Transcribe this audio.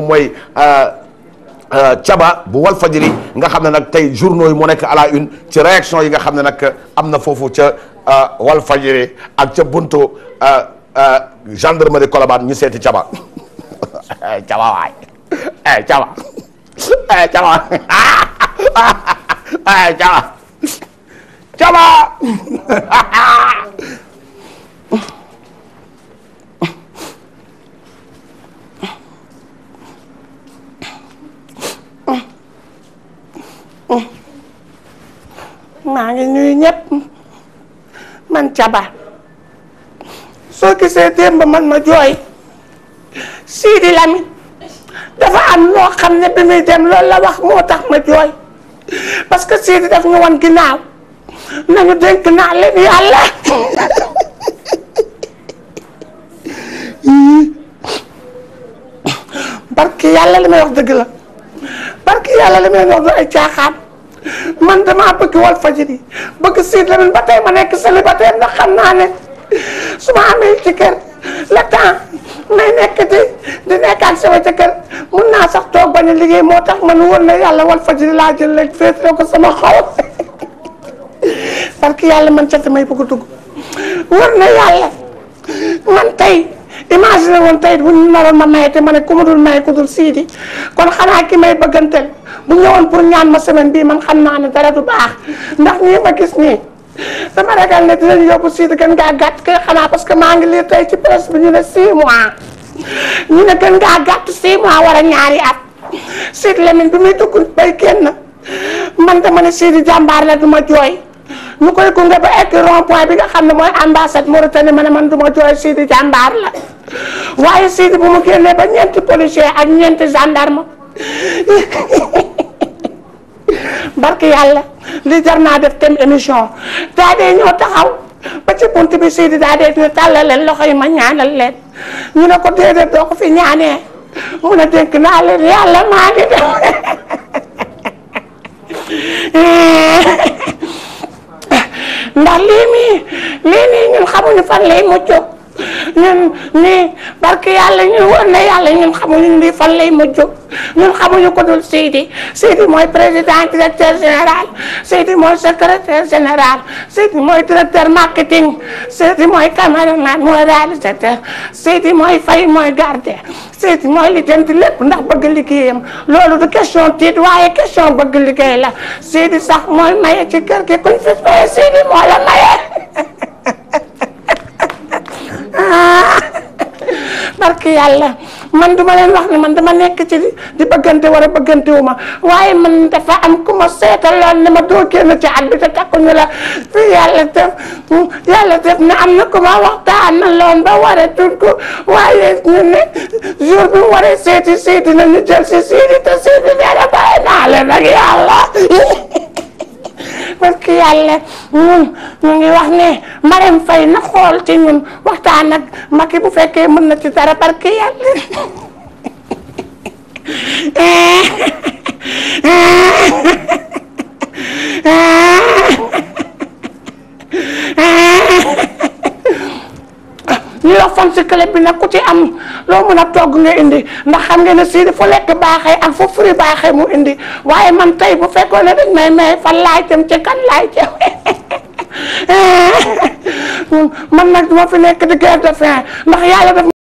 mooy caba euh, euh, bu Walfadjri nga xam ne nag tey journaux yi moo nekk à la une ci réaction yi nga xam ne nag am na foofu ca euh, Walfadjri ak ca buntu gendarmerie Colobane ñu seeti caba caba eh, waay caba eh, caba eh, maa ngi nuyu ñëpp man caba soo gisee démb man ma jooy Sidi Lamine dafa am loo xam ne bi muy dem la wax moo tax ma jooy parce que Sidi daf ñu wan ginnaaw nañu dénk naa leen yàlla barki yàlla li may wax dëgg la parce que yàlla li may wax du ay caaxaan man damaa bëgg Walfadjri bëgg siit la ba tey ma nekk célibataire ndax xam naa ne su ma amee jëkkër le temps may nekk di di nekkaan sama jëkkër mun naa sax toog bañ a liggéey moo tax man wóor na yàlla Walfadjri laa jël léegi féetee ko sama xol parce yàlla man ca may bëgg dugg wóor na yàlla man tey. imaginer woon tey bu ñu naroon ma naye te ma ne ku ma dul naye ku dul siidi kon xanaa ki may bëgganteel bu ñëwoon pour ñaan ma semaine bii man xam naa ne dara du baax ndax ñii ma gis nii dama ragal ne dinañ yóbbu siidi gën gàtt kay xanaa parce que maa ngi lii tey ci presse bi ñu ne 6 mois ñu ne gën gàtt 6 mois war a ñaari at siidi Lamine bi muy dugg bay kenn man dama ne siidi jàmbaar la du ma jooy ñu koy gunge ba egg rond bi nga xam ne mooy ambassade Mauritanie ma man du ma waaye Sidi bu mu génnee ba ñeenti policier ak ñeenti gendarme barki yàlla li jar def thème émission daa ñoo taxaw ba ci bunt bi Sidi daa dee ñu loxo yi ma ñaanal leen ñu ne ko déedéet doo ko fi ñaanee mu ne dénk naa leen yàlla maa ngi dem lii mii lii mii ñun xamuñu fan lay mucc ñun nii barke yàlla ñun war na yàlla ñun xamuñu ni fan lay ma jóg ko dul Seydi Seydi mooy président directeur général Seydi mooy secrétaire général Seydi mooy directeur marketing Seydi mooy caméraman mooy réalisateur Seydi mooy fay mooy garde Seydi mooy lijjanti lépp ndax bëgg liggéeyam loolu du question tiit waaye question bëgg liggéey la Seydi sax mooy maye ci kër gi kuñ fi fay Seydi la maye barke yàlla man duma leen wax ne man dama nekk ci di bëggante war a bëggante wu ma waaye man dafa am ku ma seetaloon ne ma doo génn ci at bi te takkuñu la fi yàlla def yàlla def na am na ku ma waxtaanaloon ba war a tudd ko waaye ñu ne jour bi waree seeti seeti na ñu jël si seeti te seeti nee na bàyyi naa parce que ngi wax ne Marème Faye na xool ci ñun waxtaan ak Macky bu fekkee mën na ci dara parce que yàlla ci clé bi nag ku ci am loo mën a togg nga indi ndax xam ngeen ne sii dafa lekk baaxee am fu furi baaxee mu indi waaye man tey bu fekkoon ne dañ may may fan laay jëm ci kan laay jëm eh, man nag duma fi nekk di guerre de fin ndax yàlla daf